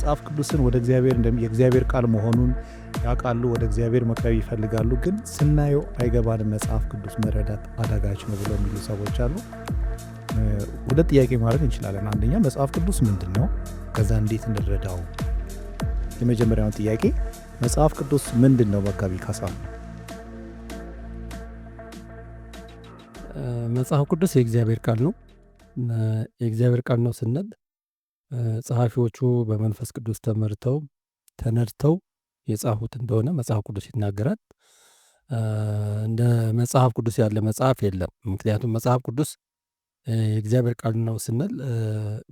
መጽሐፍ ቅዱስን ወደ እግዚአብሔር የእግዚአብሔር ቃል መሆኑን ያውቃሉ፣ ወደ እግዚአብሔር መቅረብ ይፈልጋሉ። ግን ስናየው አይገባንም፣ መጽሐፍ ቅዱስ መረዳት አዳጋች ነው ብለው የሚሉ ሰዎች አሉ። ሁለት ጥያቄ ማድረግ እንችላለን። አንደኛ መጽሐፍ ቅዱስ ምንድን ነው? ከዛ እንዴት እንረዳው? የመጀመሪያውን ጥያቄ መጽሐፍ ቅዱስ ምንድን ነው? መጋቢ ካሳ፣ መጽሐፍ ቅዱስ የእግዚአብሔር ቃል ነው። የእግዚአብሔር ቃል ነው ስንል ጸሐፊዎቹ በመንፈስ ቅዱስ ተመርተው ተነድተው የጻፉት እንደሆነ መጽሐፍ ቅዱስ ይናገራል። እንደ መጽሐፍ ቅዱስ ያለ መጽሐፍ የለም። ምክንያቱም መጽሐፍ ቅዱስ የእግዚአብሔር ቃል ነው ስንል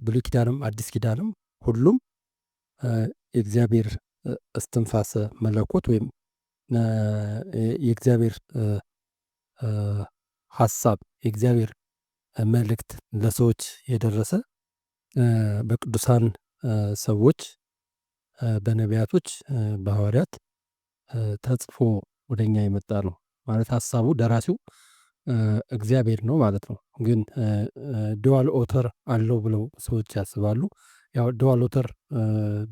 ብሉይ ኪዳንም አዲስ ኪዳንም ሁሉም የእግዚአብሔር እስትንፋሰ መለኮት ወይም የእግዚአብሔር ሀሳብ የእግዚአብሔር መልእክት ለሰዎች የደረሰ በቅዱሳን ሰዎች በነቢያቶች በሐዋርያት ተጽፎ ወደ እኛ የመጣ ነው ማለት ሀሳቡ ደራሲው እግዚአብሔር ነው ማለት ነው። ግን ድዋል ኦተር አለው ብለው ሰዎች ያስባሉ። ያው ድዋል ኦተር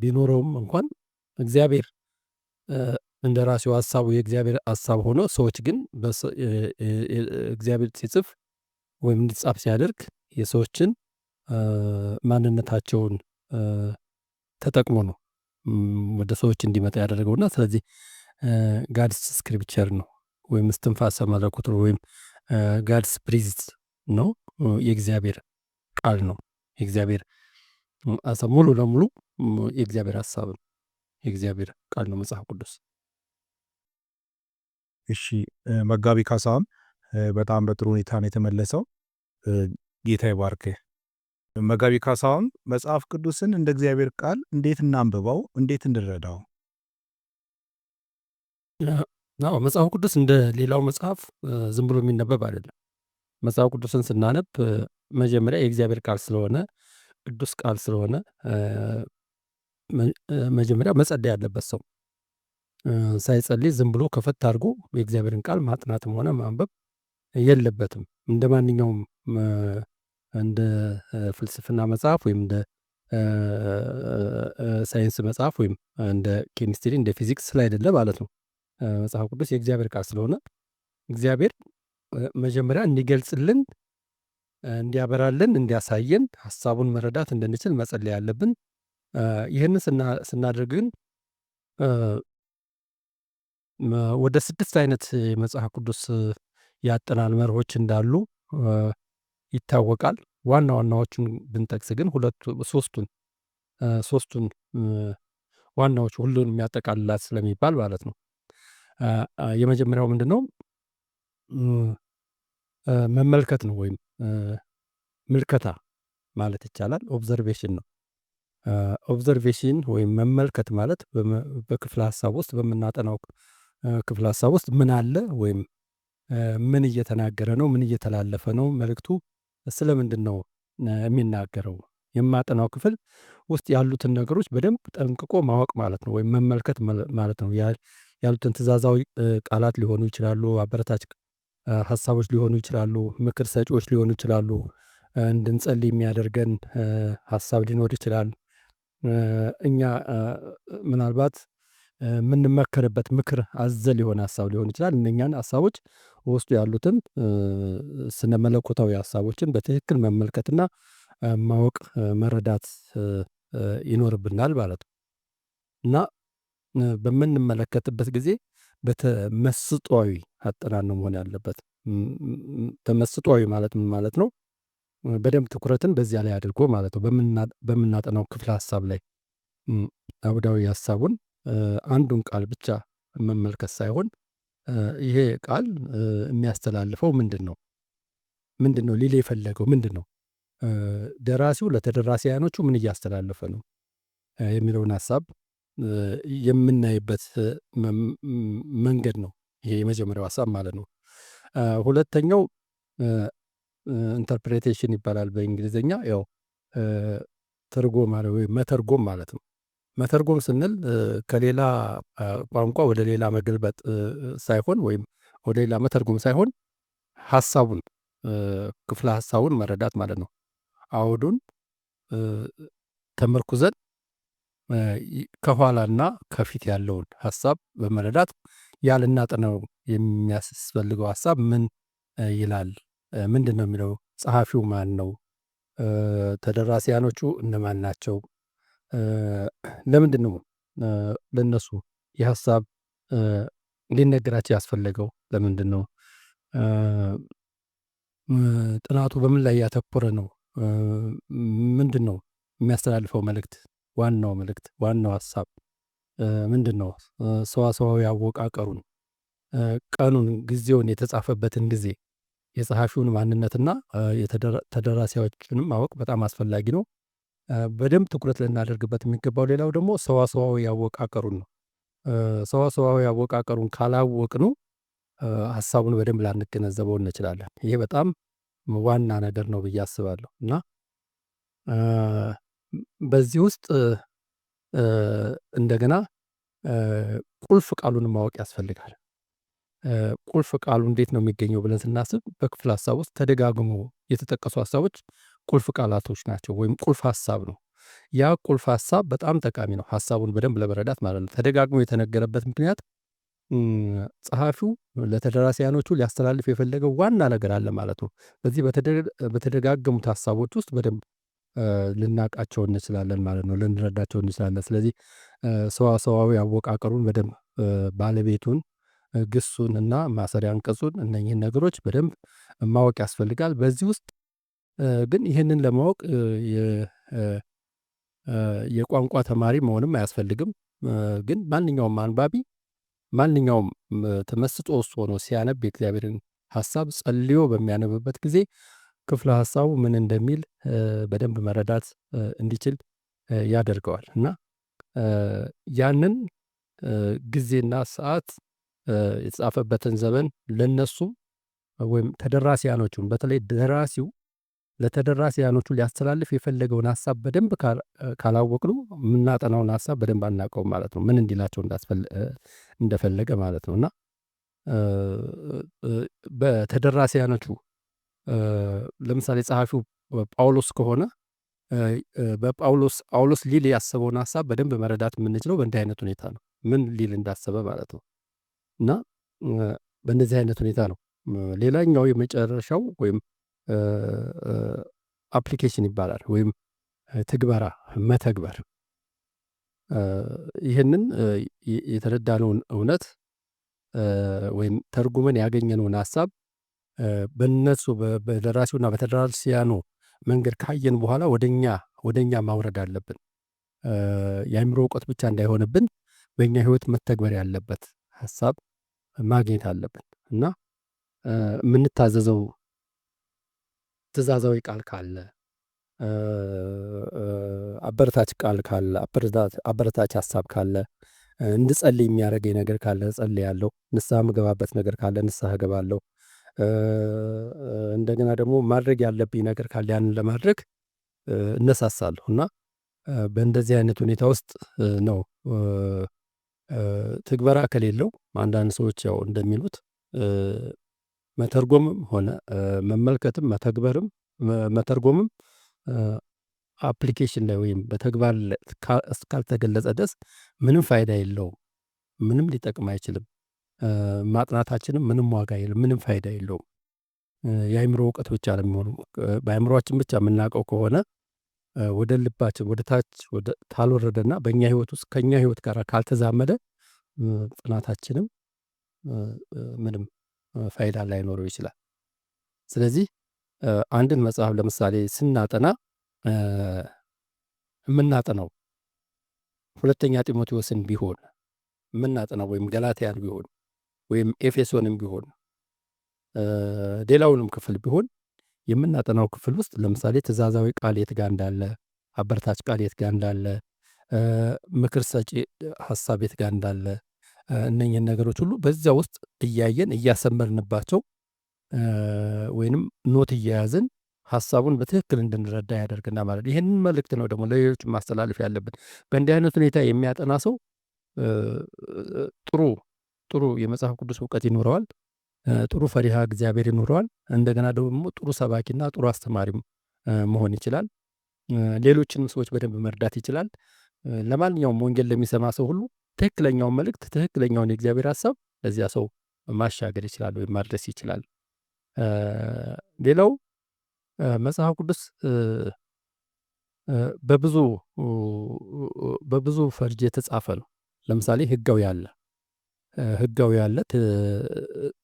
ቢኖረውም እንኳን እግዚአብሔር እንደ ራሴው ሀሳቡ የእግዚአብሔር ሀሳብ ሆኖ ሰዎች ግን እግዚአብሔር ሲጽፍ ወይም እንዲጻፍ ሲያደርግ የሰዎችን ማንነታቸውን ተጠቅሞ ነው ወደ ሰዎች እንዲመጣ ያደረገው እና ስለዚህ ጋድስ ስክሪፕቸር ነው ወይም እስትንፋሰ መለኮት ነው ወይም ጋድስ ብሪዝ ነው የእግዚአብሔር ቃል ነው። የእግዚአብሔር ሙሉ ለሙሉ የእግዚአብሔር ሀሳብ ነው። የእግዚአብሔር ቃል ነው መጽሐፍ ቅዱስ። እሺ መጋቢ ካሳም በጣም በጥሩ ሁኔታ ነው የተመለሰው። ጌታ ይባርክ። መጋቢ ካሳሁን መጽሐፍ ቅዱስን እንደ እግዚአብሔር ቃል እንዴት እናንብበው? እንዴት እንረዳው? አዎ መጽሐፍ ቅዱስ እንደ ሌላው መጽሐፍ ዝም ብሎ የሚነበብ አይደለም። መጽሐፍ ቅዱስን ስናነብ መጀመሪያ የእግዚአብሔር ቃል ስለሆነ ቅዱስ ቃል ስለሆነ መጀመሪያ መጸለይ ያለበት ሰው ሳይጸልይ ዝም ብሎ ከፈት አድርጎ የእግዚአብሔርን ቃል ማጥናትም ሆነ ማንበብ የለበትም እንደ ማንኛውም እንደ ፍልስፍና መጽሐፍ ወይም እንደ ሳይንስ መጽሐፍ ወይም እንደ ኬሚስትሪ እንደ ፊዚክስ ስላይደለ ማለት ነው። መጽሐፍ ቅዱስ የእግዚአብሔር ቃል ስለሆነ እግዚአብሔር መጀመሪያ እንዲገልጽልን፣ እንዲያበራልን፣ እንዲያሳየን ሀሳቡን መረዳት እንድንችል መጸለይ ያለብን። ይህንን ስናደርግ ግን ወደ ስድስት አይነት የመጽሐፍ ቅዱስ ያጠናል መርሆች እንዳሉ ይታወቃል። ዋና ዋናዎቹን ብንጠቅስ ግን ሁለቱ ሶስቱን ሶስቱን ዋናዎቹ ሁሉን የሚያጠቃልላት ስለሚባል ማለት ነው። የመጀመሪያው ምንድን ነው? መመልከት ነው ወይም ምልከታ ማለት ይቻላል። ኦብዘርቬሽን ነው። ኦብዘርቬሽን ወይም መመልከት ማለት በክፍለ ሀሳብ ውስጥ በምናጠናው ክፍለ ሀሳብ ውስጥ ምን አለ ወይም ምን እየተናገረ ነው፣ ምን እየተላለፈ ነው መልእክቱ ስለምንድን ነው የሚናገረው? የማጠናው ክፍል ውስጥ ያሉትን ነገሮች በደንብ ጠንቅቆ ማወቅ ማለት ነው፣ ወይም መመልከት ማለት ነው። ያሉትን ትእዛዛዊ ቃላት ሊሆኑ ይችላሉ፣ አበረታች ሀሳቦች ሊሆኑ ይችላሉ፣ ምክር ሰጪዎች ሊሆኑ ይችላሉ፣ እንድንጸልይ የሚያደርገን ሀሳብ ሊኖር ይችላል። እኛ ምናልባት የምንመከርበት ምክር አዘል የሆነ ሀሳብ ሊሆን ይችላል። እነኛን ሀሳቦች ውስጡ ያሉትን ስነ መለኮታዊ ሀሳቦችን በትክክል መመልከትና ማወቅ መረዳት ይኖርብናል ማለት ነው። እና በምንመለከትበት ጊዜ በተመስጧዊ አጠናን ነው መሆን ያለበት። ተመስጧዊ ማለት ምን ማለት ነው? በደንብ ትኩረትን በዚያ ላይ አድርጎ ማለት ነው። በምናጠናው ክፍለ ሀሳብ ላይ አውዳዊ ሀሳቡን አንዱን ቃል ብቻ መመልከት ሳይሆን ይሄ ቃል የሚያስተላልፈው ምንድን ነው ሊል የፈለገው ምንድነው? ደራሲው ለተደራሲያኖቹ ምን እያስተላለፈ ነው የሚለውን ሀሳብ የምናይበት መንገድ ነው። ይሄ የመጀመሪያው ሀሳብ ማለት ነው። ሁለተኛው ኢንተርፕሬቴሽን ይባላል በእንግሊዝኛ ያው ትርጎማ ወይ መተርጎም ማለት ነው። መተርጎም ስንል ከሌላ ቋንቋ ወደ ሌላ መገልበጥ ሳይሆን ወይም ወደ ሌላ መተርጎም ሳይሆን ሀሳቡን ክፍለ ሀሳቡን መረዳት ማለት ነው። አውዱን ተመርኩዘን ከኋላና ከፊት ያለውን ሀሳብ በመረዳት ያልናጠነው የሚያስፈልገው ሀሳብ ምን ይላል፣ ምንድን ነው የሚለው፣ ጸሐፊው ማን ነው፣ ተደራሲያኖቹ እነማን ናቸው ነው ለእነሱ ይህ ሀሳብ እንዲነገራቸው ያስፈለገው? ነው? ጥናቱ በምን ላይ ያተኮረ ነው? ምንድን ነው የሚያስተላልፈው መልእክት? ዋናው መልእክት ዋናው ሀሳብ ምንድን ነው? ሰዋሰዋዊ አወቃቀሩን፣ ቀኑን፣ ጊዜውን፣ የተጻፈበትን ጊዜ፣ የጸሐፊውን ማንነትና ተደራሲያዎችንም ማወቅ በጣም አስፈላጊ ነው። በደንብ ትኩረት ልናደርግበት የሚገባው ሌላው ደግሞ ሰዋሰዋዊ አወቃቀሩን ነው። ሰዋሰዋዊ አወቃቀሩን ካላወቅነው ሀሳቡን በደንብ ላንገነዘበው እንችላለን። ይሄ በጣም ዋና ነገር ነው ብዬ አስባለሁ እና በዚህ ውስጥ እንደገና ቁልፍ ቃሉን ማወቅ ያስፈልጋል። ቁልፍ ቃሉ እንዴት ነው የሚገኘው ብለን ስናስብ በክፍል ሀሳብ ውስጥ ተደጋግሞ የተጠቀሱ ሀሳቦች ቁልፍ ቃላቶች ናቸው ወይም ቁልፍ ሀሳብ ነው። ያ ቁልፍ ሀሳብ በጣም ጠቃሚ ነው፣ ሀሳቡን በደንብ ለመረዳት ማለት ነው። ተደጋግሞ የተነገረበት ምክንያት ጸሐፊው ለተደራሲያኖቹ ሊያስተላልፍ የፈለገው ዋና ነገር አለ ማለት ነው። በዚህ በተደጋገሙት ሀሳቦች ውስጥ በደንብ ልናቃቸው እንችላለን ማለት ነው፣ ልንረዳቸው እንችላለን። ስለዚህ ሰዋሰዋዊ አወቃቀሩን በደንብ ባለቤቱን፣ ግሱን እና ማሰሪያ አንቀጹን እነኝህን ነገሮች በደንብ ማወቅ ያስፈልጋል። በዚህ ውስጥ ግን ይህንን ለማወቅ የቋንቋ ተማሪ መሆንም አያስፈልግም። ግን ማንኛውም አንባቢ ማንኛውም ተመስጦ ውስጥ ሆኖ ሲያነብ የእግዚአብሔርን ሀሳብ ጸልዮ በሚያነብበት ጊዜ ክፍለ ሀሳቡ ምን እንደሚል በደንብ መረዳት እንዲችል ያደርገዋል እና ያንን ጊዜና ሰዓት የተጻፈበትን ዘመን ለነሱም ወይም ተደራሲያኖቹን በተለይ ደራሲው ለተደራሲያኖቹ ሊያስተላልፍ የፈለገውን ሀሳብ በደንብ ካላወቅ ነው የምናጠናውን ሀሳብ በደንብ አናውቀውም ማለት ነው። ምን እንዲላቸው እንደፈለገ ማለት ነው። እና በተደራሲያኖቹ ለምሳሌ ጸሐፊው ጳውሎስ ከሆነ በጳውሎስ ጳውሎስ ሊል ያሰበውን ሀሳብ በደንብ መረዳት የምንችለው በእንዲህ አይነት ሁኔታ ነው። ምን ሊል እንዳሰበ ማለት ነው። እና በእንደዚህ አይነት ሁኔታ ነው። ሌላኛው የመጨረሻው ወይም አፕሊኬሽን ይባላል ወይም ትግበራ መተግበር። ይህንን የተረዳነውን እውነት ወይም ተርጉመን ያገኘነውን ሀሳብ በነሱ በደራሲውና በተደራሲያኑ መንገድ ካየን በኋላ ወደኛ ወደኛ ማውረድ አለብን። የአእምሮ እውቀት ብቻ እንዳይሆንብን በእኛ ህይወት መተግበር ያለበት ሀሳብ ማግኘት አለብን እና የምንታዘዘው ትእዛዛዊ ቃል ካለ አበረታች ቃል ካለ አበረታች ሀሳብ ካለ እንድጸልይ የሚያደርገኝ ነገር ካለ እጸልያለሁ። ንስሐ ምገባበት ነገር ካለ ንስሐ እገባለሁ። እንደገና ደግሞ ማድረግ ያለብኝ ነገር ካለ ያንን ለማድረግ እነሳሳለሁ እና በእንደዚህ አይነት ሁኔታ ውስጥ ነው። ትግበራ ከሌለው አንዳንድ ሰዎች ያው እንደሚሉት መተርጎምም ሆነ መመልከትም መተግበርም መተርጎምም አፕሊኬሽን ላይ ወይም በተግባር እስካልተገለጸ ድረስ ምንም ፋይዳ የለውም፣ ምንም ሊጠቅም አይችልም። ማጥናታችንም ምንም ዋጋ የለም፣ ምንም ፋይዳ የለውም። የአይምሮ እውቀት ብቻ ነው የሚሆኑ። ብቻ የምናውቀው ከሆነ ወደ ልባችን ወደ ታች ካልወረደና በእኛ ህይወት ውስጥ ከእኛ ህይወት ጋር ካልተዛመደ ጥናታችንም ምንም ፋይዳ ላይኖረው ይችላል። ስለዚህ አንድን መጽሐፍ ለምሳሌ ስናጠና የምናጠናው ሁለተኛ ጢሞቴዎስን ቢሆን የምናጠናው ወይም ገላትያን ቢሆን ወይም ኤፌሶንም ቢሆን ሌላውንም ክፍል ቢሆን የምናጠናው ክፍል ውስጥ ለምሳሌ ትእዛዛዊ ቃል የት ጋ እንዳለ፣ አበረታች ቃል የት እንዳለ፣ ምክር ሰጪ ሀሳብ የት እንዳለ እነኝህን ነገሮች ሁሉ በዚያ ውስጥ እያየን እያሰመርንባቸው ወይንም ኖት እየያዝን ሀሳቡን በትክክል እንድንረዳ ያደርግና ማለት ይህንን መልእክት ነው ደግሞ ለሌሎች ማስተላለፍ ያለብን። በእንዲህ አይነት ሁኔታ የሚያጠና ሰው ጥሩ ጥሩ የመጽሐፍ ቅዱስ እውቀት ይኖረዋል። ጥሩ ፈሪሃ እግዚአብሔር ይኖረዋል። እንደገና ደግሞ ጥሩ ሰባኪና ጥሩ አስተማሪም መሆን ይችላል። ሌሎችንም ሰዎች በደንብ መርዳት ይችላል። ለማንኛውም ወንጌል ለሚሰማ ሰው ሁሉ ትክክለኛውን መልእክት፣ ትክክለኛውን የእግዚአብሔር ሀሳብ ለዚያ ሰው ማሻገር ይችላል ወይም ማድረስ ይችላል። ሌላው መጽሐፍ ቅዱስ በብዙ በብዙ ፈርጅ የተጻፈ ነው። ለምሳሌ ህጋዊ አለ፣ ህጋዊ አለ፣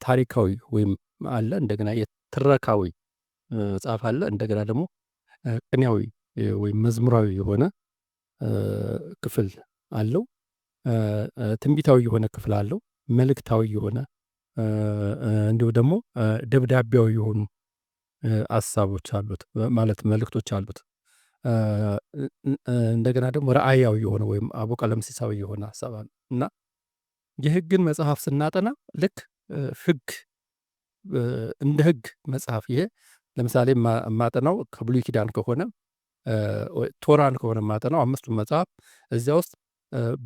ታሪካዊ ወይም አለ፣ እንደገና የትረካዊ መጽሐፍ አለ፣ እንደገና ደግሞ ቅኔያዊ ወይም መዝሙራዊ የሆነ ክፍል አለው። ትንቢታዊ የሆነ ክፍል አለው። መልእክታዊ የሆነ እንዲሁ ደግሞ ደብዳቤያዊ የሆኑ አሳቦች አሉት ማለት መልእክቶች አሉት። እንደገና ደግሞ ረአያዊ የሆነ ወይም ቀለምሲሳዊ የሆነ ሀሳብ አለ እና የህግን መጽሐፍ ስናጠና ልክ ህግ እንደ ህግ መጽሐፍ ይሄ ለምሳሌ ማጠናው ከብሉይ ኪዳን ከሆነ ቶራን ከሆነ ማጠናው አምስቱ መጽሐፍ እዚያ ውስጥ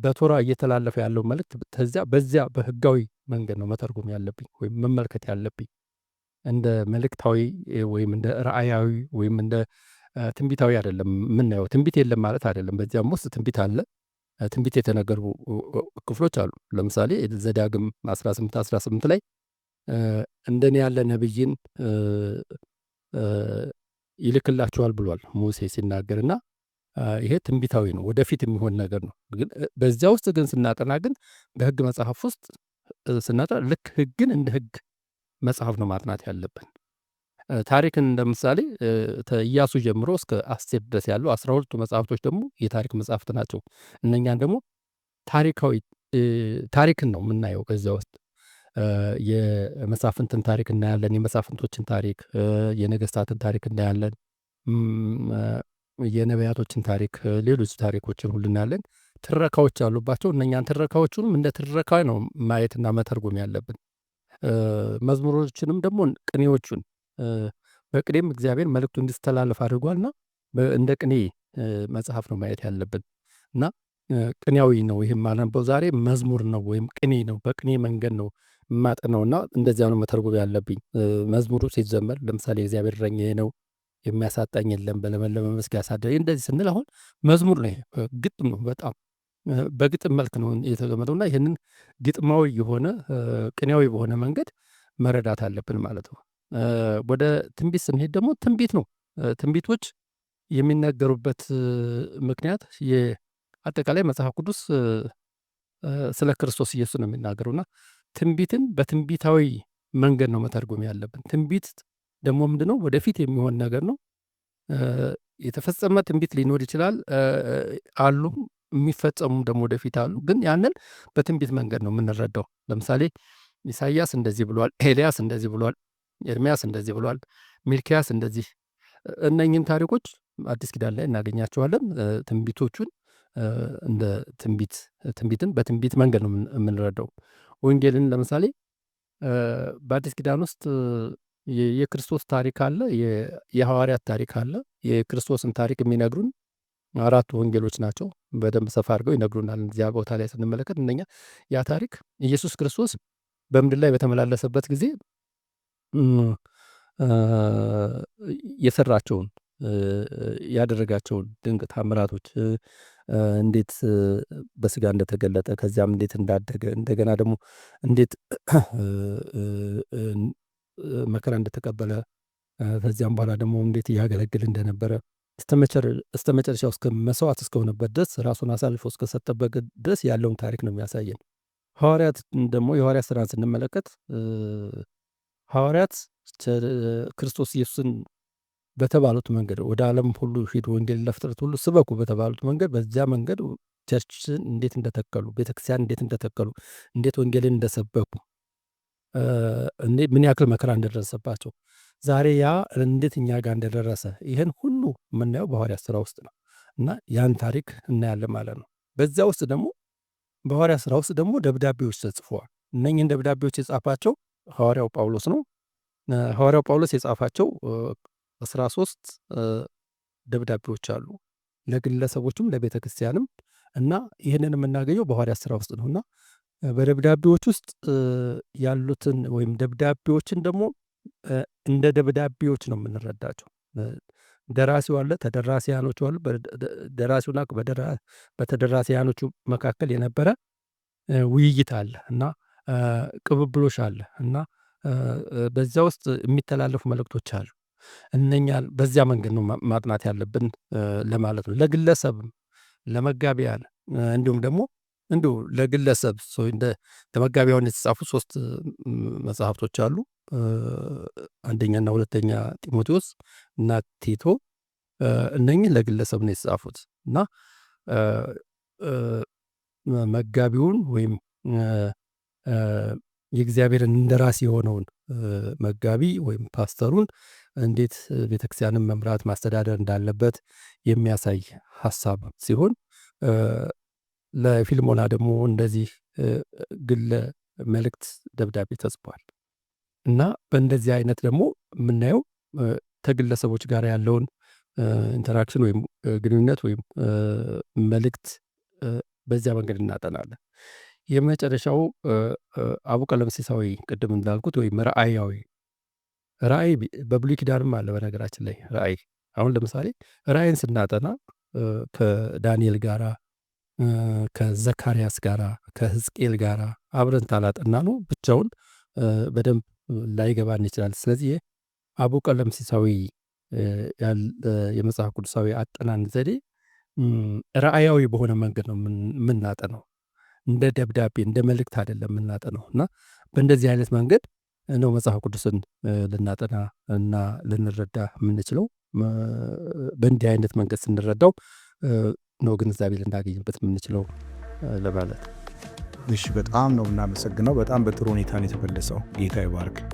በቶራ እየተላለፈ ያለው መልእክት ከዚያ በዚያ በህጋዊ መንገድ ነው መተርጎም ያለብኝ ወይም መመልከት ያለብኝ እንደ መልእክታዊ ወይም እንደ ራእያዊ ወይም እንደ ትንቢታዊ አይደለም የምናየው። ትንቢት የለም ማለት አይደለም። በዚያም ውስጥ ትንቢት አለ። ትንቢት የተነገሩ ክፍሎች አሉ። ለምሳሌ ዘዳግም 18 18 ላይ እንደኔ ያለ ነብይን ይልክላችኋል ብሏል ሙሴ ሲናገርና ይሄ ትንቢታዊ ነው፣ ወደፊት የሚሆን ነገር ነው። ግን በዚያ ውስጥ ግን ስናጠና ግን በህግ መጽሐፍ ውስጥ ስናጠና ልክ ህግን እንደ ህግ መጽሐፍ ነው ማጥናት ያለብን። ታሪክን እንደምሳሌ ከኢያሱ ጀምሮ እስከ አስቴር ድረስ ያሉ አስራ ሁለቱ መጽሐፍቶች ደግሞ የታሪክ መጽሐፍት ናቸው። እነኛን ደግሞ ታሪካዊ ታሪክን ነው የምናየው ከዚያ ውስጥ የመሳፍንትን ታሪክ እናያለን። የመሳፍንቶችን ታሪክ፣ የነገስታትን ታሪክ እናያለን። የነቢያቶችን ታሪክ ሌሎች ታሪኮችን ሁሉ እናያለን። ትረካዎች አሉባቸው። እነኛን ትረካዎቹንም እንደ ትረካ ነው ማየትና መተርጎም ያለብን። መዝሙሮችንም ደግሞ ቅኔዎቹን በቅኔም እግዚአብሔር መልእክቱ እንዲስተላለፍ አድርጓልና እንደ ቅኔ መጽሐፍ ነው ማየት ያለብን እና ቅኔያዊ ነው። ይህም ማነበው ዛሬ መዝሙር ነው ወይም ቅኔ ነው፣ በቅኔ መንገድ ነው ማጥ ነው እና እንደዚያ ነው መተርጎም ያለብኝ። መዝሙሩ ሲዘመር ለምሳሌ እግዚአብሔር እረኛዬ ነው የሚያሳጣኝ የለም በለመለመ መስክ ያሳደ እንደዚህ ስንል አሁን መዝሙር ነው፣ ግጥም ነው። በጣም በግጥም መልክ ነው የተለመደውና ይህንን ግጥማዊ የሆነ ቅኔያዊ በሆነ መንገድ መረዳት አለብን ማለት ነው። ወደ ትንቢት ስንሄድ ደግሞ ትንቢት ነው። ትንቢቶች የሚነገሩበት ምክንያት አጠቃላይ መጽሐፍ ቅዱስ ስለ ክርስቶስ ኢየሱስ ነው የሚናገሩና ትንቢትን በትንቢታዊ መንገድ ነው መተርጎም ያለብን። ትንቢት ደግሞ ምንድነው ወደፊት የሚሆን ነገር ነው። የተፈጸመ ትንቢት ሊኖር ይችላል አሉ የሚፈጸሙ ደግሞ ወደፊት አሉ። ግን ያንን በትንቢት መንገድ ነው የምንረዳው። ለምሳሌ ኢሳያስ እንደዚህ ብሏል፣ ኤልያስ እንደዚህ ብሏል፣ ኤርሚያስ እንደዚህ ብሏል፣ ሚልኪያስ እንደዚህ። እነኝህን ታሪኮች አዲስ ኪዳን ላይ እናገኛቸዋለን። ትንቢቶቹን እንደ ትንቢት ትንቢትን በትንቢት መንገድ ነው የምንረዳው። ወንጌልን ለምሳሌ በአዲስ ኪዳን ውስጥ የክርስቶስ ታሪክ አለ፣ የሐዋርያት ታሪክ አለ። የክርስቶስን ታሪክ የሚነግሩን አራቱ ወንጌሎች ናቸው። በደንብ ሰፋ አድርገው ይነግሩናል። እዚያ ቦታ ላይ ስንመለከት እነኛ ያ ታሪክ ኢየሱስ ክርስቶስ በምድር ላይ በተመላለሰበት ጊዜ የሰራቸውን ያደረጋቸውን ድንቅ ታምራቶች እንዴት በስጋ እንደተገለጠ ከዚያም እንዴት እንዳደገ እንደገና ደግሞ እንዴት መከራ እንደተቀበለ ከዚያም በኋላ ደግሞ እንዴት እያገለግል እንደነበረ እስተ መጨረሻው እስከ መሰዋት እስከሆነበት ድረስ ራሱን አሳልፎ እስከሰጠበት ድረስ ያለውን ታሪክ ነው የሚያሳየን። ሐዋርያት ደግሞ የሐዋርያት ስራን ስንመለከት ሐዋርያት ክርስቶስ ኢየሱስን በተባሉት መንገድ ወደ ዓለም ሁሉ ሂድ፣ ወንጌል ለፍጥረት ሁሉ ስበኩ በተባሉት መንገድ በዚያ መንገድ ቸርችን እንዴት እንደተከሉ፣ ቤተክርስቲያን እንዴት እንደተከሉ፣ እንዴት ወንጌልን እንደሰበኩ እኔ ምን ያክል መከራ እንደደረሰባቸው ዛሬ ያ እንዴት እኛ ጋር እንደደረሰ ይህን ሁሉ የምናየው በሐዋርያት ስራ ውስጥ ነው እና ያን ታሪክ እናያለን ማለት ነው። በዚያ ውስጥ ደግሞ በሐዋርያት ስራ ውስጥ ደግሞ ደብዳቤዎች ተጽፈዋል። እነኝህን ደብዳቤዎች የጻፋቸው ሐዋርያው ጳውሎስ ነው። ሐዋርያው ጳውሎስ የጻፋቸው ሶስት ደብዳቤዎች አሉ ለግለሰቦችም ለቤተ ክርስቲያንም እና ይህንን የምናገኘው በሐዋርያት ስራ ውስጥ ነውና በደብዳቤዎች ውስጥ ያሉትን ወይም ደብዳቤዎችን ደግሞ እንደ ደብዳቤዎች ነው የምንረዳቸው። ደራሲው አለ፣ ተደራሲያኖቹ አሉ። ደራሲውና በተደራሲያኖቹ መካከል የነበረ ውይይት አለ እና ቅብብሎች አለ እና በዚያ ውስጥ የሚተላለፉ መልእክቶች አሉ። እነኛ በዚያ መንገድ ነው ማጥናት ያለብን ለማለት ነው። ለግለሰብም ለመጋቢያን እንዲሁም ደግሞ እንዲሁ ለግለሰብ እንደ ተመጋቢያውን የተጻፉ ሶስት መጽሐፍቶች አሉ። አንደኛና ሁለተኛ ጢሞቴዎስ እና ቲቶ። እነኚህ ለግለሰብ ነው የተጻፉት እና መጋቢውን ወይም የእግዚአብሔርን እንደራስ የሆነውን መጋቢ ወይም ፓስተሩን እንዴት ቤተክርስቲያንን መምራት ማስተዳደር እንዳለበት የሚያሳይ ሀሳብ ሲሆን ለፊልሞና ደግሞ እንደዚህ ግለ መልእክት ደብዳቤ ተጽፏል እና በእንደዚህ አይነት ደግሞ የምናየው ከግለሰቦች ጋር ያለውን ኢንተራክሽን ወይም ግንኙነት ወይም መልእክት በዚያ መንገድ እናጠናለን። የመጨረሻው አቡቀለምሲሳዊ ቅድም እንዳልኩት ወይም ረአያዊ ራእይ በብሉይ ኪዳንም አለ። በነገራችን ላይ ራእይ አሁን ለምሳሌ ራእይን ስናጠና ከዳንኤል ጋራ ከዘካርያስ ጋራ ከህዝቅኤል ጋራ አብረን ታላጥና ነው ብቻውን በደንብ ላይገባን ይችላል። ስለዚህ አቡ ቀለምሲሳዊ የመጽሐፍ ቅዱሳዊ አጠናን ዘዴ ራእያዊ በሆነ መንገድ ነው የምናጠነው። እንደ ደብዳቤ እንደ መልእክት አይደለም የምናጠነው እና በእንደዚህ አይነት መንገድ ነው መጽሐፍ ቅዱስን ልናጠና እና ልንረዳ የምንችለው። በእንዲህ አይነት መንገድ ስንረዳው ነው ግንዛቤ ልናገኝበት የምንችለው ለማለት እሺ፣ በጣም ነው የምናመሰግነው። በጣም በጥሩ ሁኔታ ነው የተመለሰው። ጌታ ይባርክ።